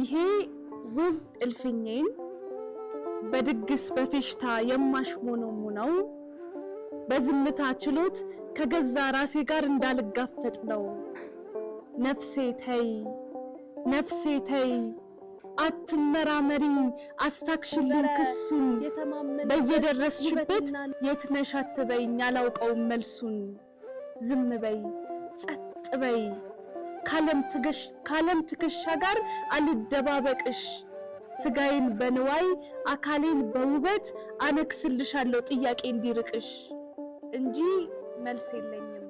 ይሄ ውብ እልፍኝን በድግስ በፌሽታ ነው። በዝምታ ችሎት ከገዛ ራሴ ጋር እንዳልጋፈጥ ነው። ነፍሴ ተይ ነፍሴ ተይ አትመራመሪኝ፣ አስታክሽልኝ ክሱን በየደረስሽበት የት አትበይኝ፣ አላውቀውም መልሱን ዝም በይ ጸጥ በይ ካለም ትከሻ ጋር አልደባበቅሽ ስጋዬን በንዋይ አካሌን በውበት አነክስልሻለሁ ጥያቄ እንዲርቅሽ እንጂ መልስ የለኝም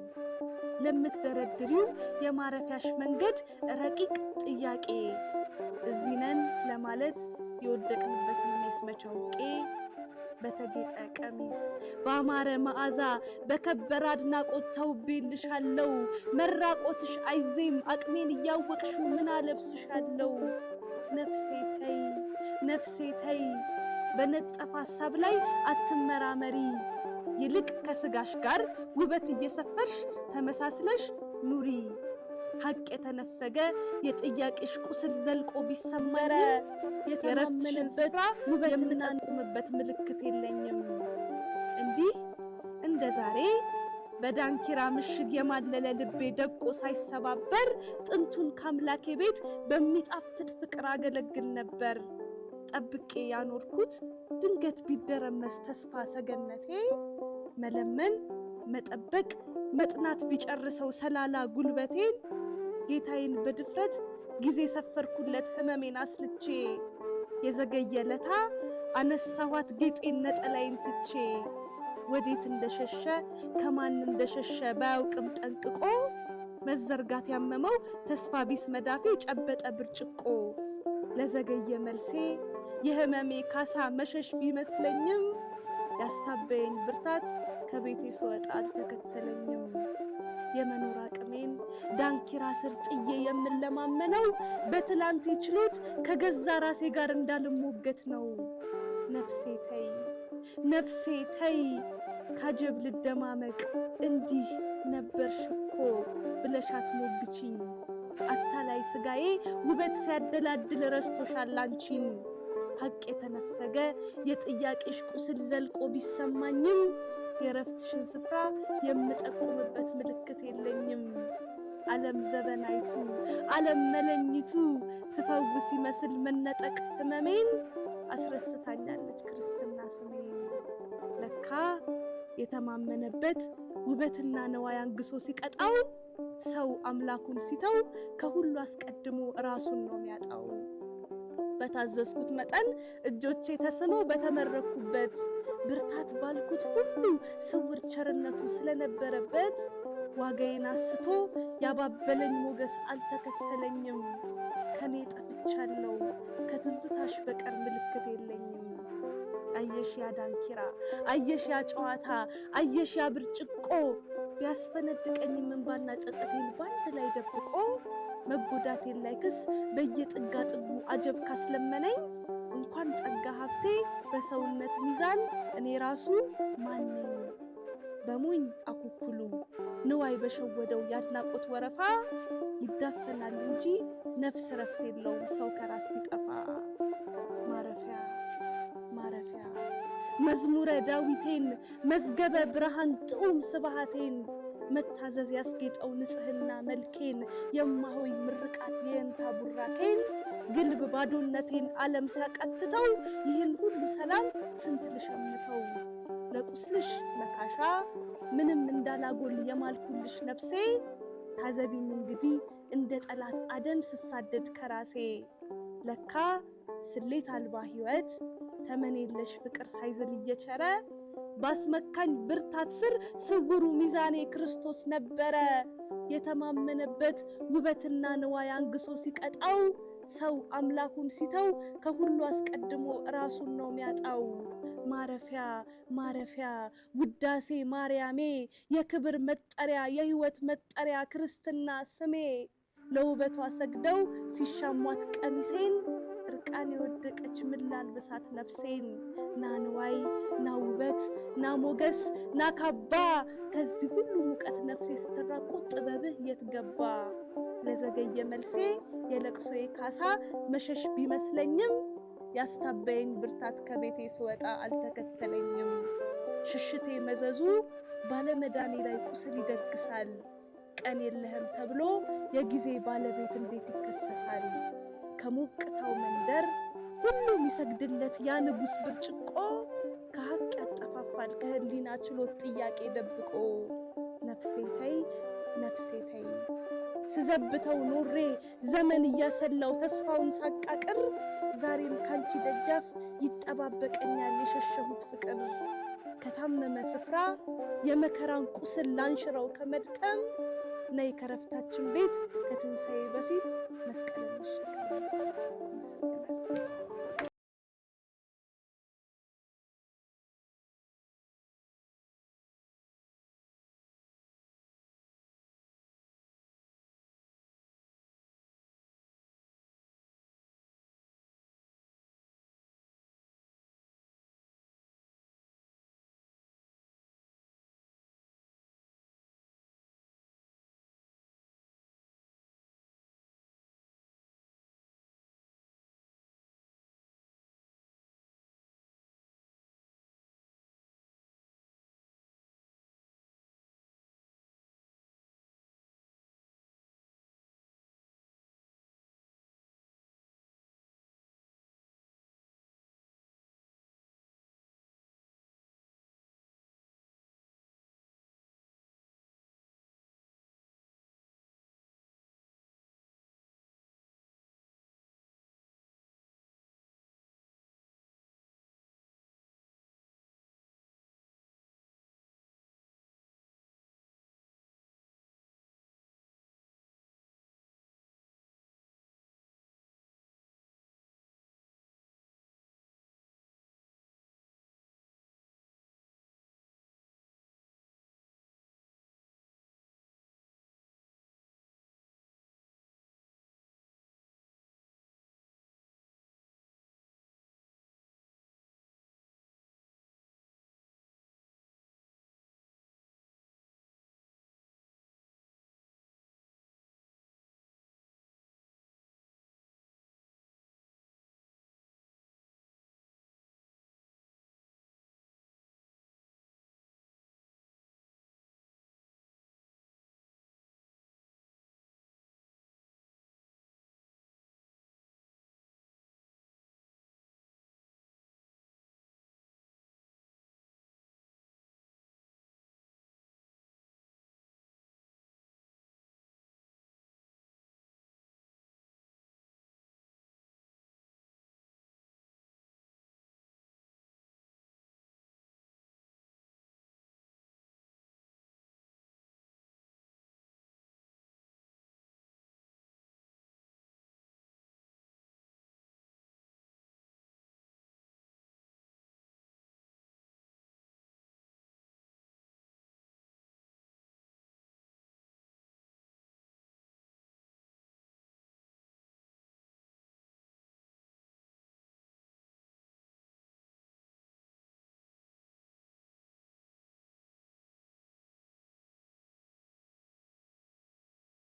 ለምትደረድሪው የማረፊያሽ መንገድ ረቂቅ ጥያቄ እዚህ ነን ለማለት የወደቅንበትን ሜስ በተጌጠ ቀሚስ በአማረ መዓዛ በከበረ አድናቆት ተውቤልሻለው። መራቆትሽ አይዜም አቅሜን እያወቅሹ ምን አለብስሻለው። ነፍሴ ተይ ነፍሴ ተይ በነጠፈ ሐሳብ ላይ አትመራመሪ። ይልቅ ከስጋሽ ጋር ውበት እየሰፈርሽ ተመሳስለሽ ኑሪ። ሀቅ የተነፈገ የጥያቄሽ ቁስል ዘልቆ ቢሰመረ የረፍትሽን ስፍራ የምጠቁምበት ምልክት የለኝም። እንዲህ እንደ ዛሬ በዳንኪራ ምሽግ የማለለ ልቤ ደቆ ሳይሰባበር ጥንቱን ከአምላኬ ቤት በሚጣፍጥ ፍቅር አገለግል ነበር። ጠብቄ ያኖርኩት ድንገት ቢደረመስ ተስፋ ሰገነቴ መለመን መጠበቅ መጥናት ቢጨርሰው ሰላላ ጉልበቴን ጌታዬን በድፍረት ጊዜ ሰፈርኩለት ህመሜን አስልቼ የዘገየለታ አነሳኋት ጌጤን ነጠላይን ትቼ ወዴት እንደሸሸ ከማን እንደሸሸ ባያውቅም ጠንቅቆ መዘርጋት ያመመው ተስፋ ቢስ መዳፌ ጨበጠ ብርጭቆ ለዘገየ መልሴ የህመሜ ካሳ መሸሽ ቢመስለኝም ያስታበየኝ ብርታት ከቤቴ ስወጣ አልተከተለኝም የመኖራ ዳንኪራ ስር ጥዬ የምለማመነው በትላንቴ ችሎት ከገዛ ራሴ ጋር እንዳልሞገት ነው። ነፍሴ ተይ ነፍሴ ተይ ካጀብ ልደማመቅ እንዲህ ነበርሽ እኮ ብለሻት ሞግችኝ አታላይ ስጋዬ ውበት ሲያደላድል ረስቶሻል አንቺን ሐቅ የተነፈገ የጥያቄሽ ቁስል ዘልቆ ቢሰማኝም የረፍትሽን ስፍራ የምጠቁምበት ምልክት የለኝም። ዓለም ዘበናይቱ ዓለም መለኝቱ ትፈውስ ይመስል መነጠቅ ህመሜን አስረስታኛለች ክርስትና ስሜን። ለካ የተማመነበት ውበትና ነዋይ አንግሶ ሲቀጣው ሰው አምላኩን ሲተው ከሁሉ አስቀድሞ ራሱን ነው የሚያጣው። በታዘዝኩት መጠን እጆቼ ተስመው በተመረኩበት ብርታት ባልኩት ሁሉ ስውር ቸርነቱ ስለነበረበት ዋጋዬን አስቶ ያባበለኝ ሞገስ አልተከተለኝም። ከኔ ጠፍቻለሁ፣ ከትዝታሽ በቀር ምልክት የለኝም። አየሽ ያ ዳንኪራ፣ አየሽ ያ ጨዋታ፣ አየሽ ያ ብርጭቆ ቢያስፈነድቀኝም እንባና ጸጸቴን ባንድ ላይ ደብቆ መጎዳቴን ላይ ክስ በየጥጋ ጥጉ አጀብ ካስለመነኝ እንኳን ጸጋ ሀብቴ በሰውነት ሚዛን እኔ ራሱ ማን ነኝ? በሞኝ አኩኩሉ ንዋይ በሸወደው የአድናቆት ወረፋ ይዳፈናል እንጂ ነፍስ ረፍት የለውም ሰው ከራስ ሲጠፋ። ማረፊያ ማረፊያ መዝሙረ ዳዊቴን መዝገበ ብርሃን ጥዑም ስብሃቴን መታዘዝ ያስጌጠው ንጽህና መልኬን የማሆይ ምርቃት የእንታ ቡራኬን ግልብ ባዶነቴን ዓለም ሳቀትተው ይህን ሁሉ ሰላም ስንት ልሸምተው ለቁስልሽ መካሻ ምንም እንዳላጎል የማልኩልሽ ነፍሴ ታዘቢኝ እንግዲህ እንደ ጠላት አደን ስሳደድ ከራሴ ለካ ስሌት አልባ ህይወት ተመን የለሽ ፍቅር ሳይዝል እየቸረ ባስመካኝ ብርታት ስር ስውሩ ሚዛኔ ክርስቶስ ነበረ የተማመነበት ውበትና ንዋይ አንግሶ ሲቀጣው ሰው አምላኩን ሲተው ከሁሉ አስቀድሞ ራሱን ነው ሚያጣው። ማረፊያ ማረፊያ ውዳሴ ማርያሜ የክብር መጠሪያ የህይወት መጠሪያ ክርስትና ስሜ ለውበቷ ሰግደው ሲሻሟት ቀሚሴን እርቃን የወደቀች ምን ላልብሳት ነፍሴን ናንዋይ ናውበት ናሞገስ ናካባ ከዚህ ሁሉ ሙቀት ነፍሴ ስትራቁ ጥበብህ የት ገባ? ለዘገየ መልሴ የለቅሶዬ ካሳ መሸሽ ቢመስለኝም ያስታበየኝ ብርታት ከቤቴ ስወጣ አልተከተለኝም። ሽሽቴ መዘዙ ባለመዳኔ ላይ ቁስል ይደግሳል። ቀን የለህም ተብሎ የጊዜ ባለቤት እንዴት ይከሰሳል? ከሞቅታው መንደር ሁሉም ይሰግድለት ያ ንጉሥ ብርጭቆ ከሀቅ ያጠፋፋል ከህሊና ችሎት ጥያቄ ደብቆ ነፍሴ ተይ ነፍሴ ተይ ስዘብተው ኖሬ ዘመን እያሰላው ተስፋውን ሳቃቅር ዛሬም ካንቺ ደጃፍ ይጠባበቀኛል የሸሸሁት ፍቅር ከታመመ ስፍራ የመከራን ቁስል ላንሽረው ከመድከም ነይ ከረፍታችን ቤት ከትንሣኤ በፊት መስቀል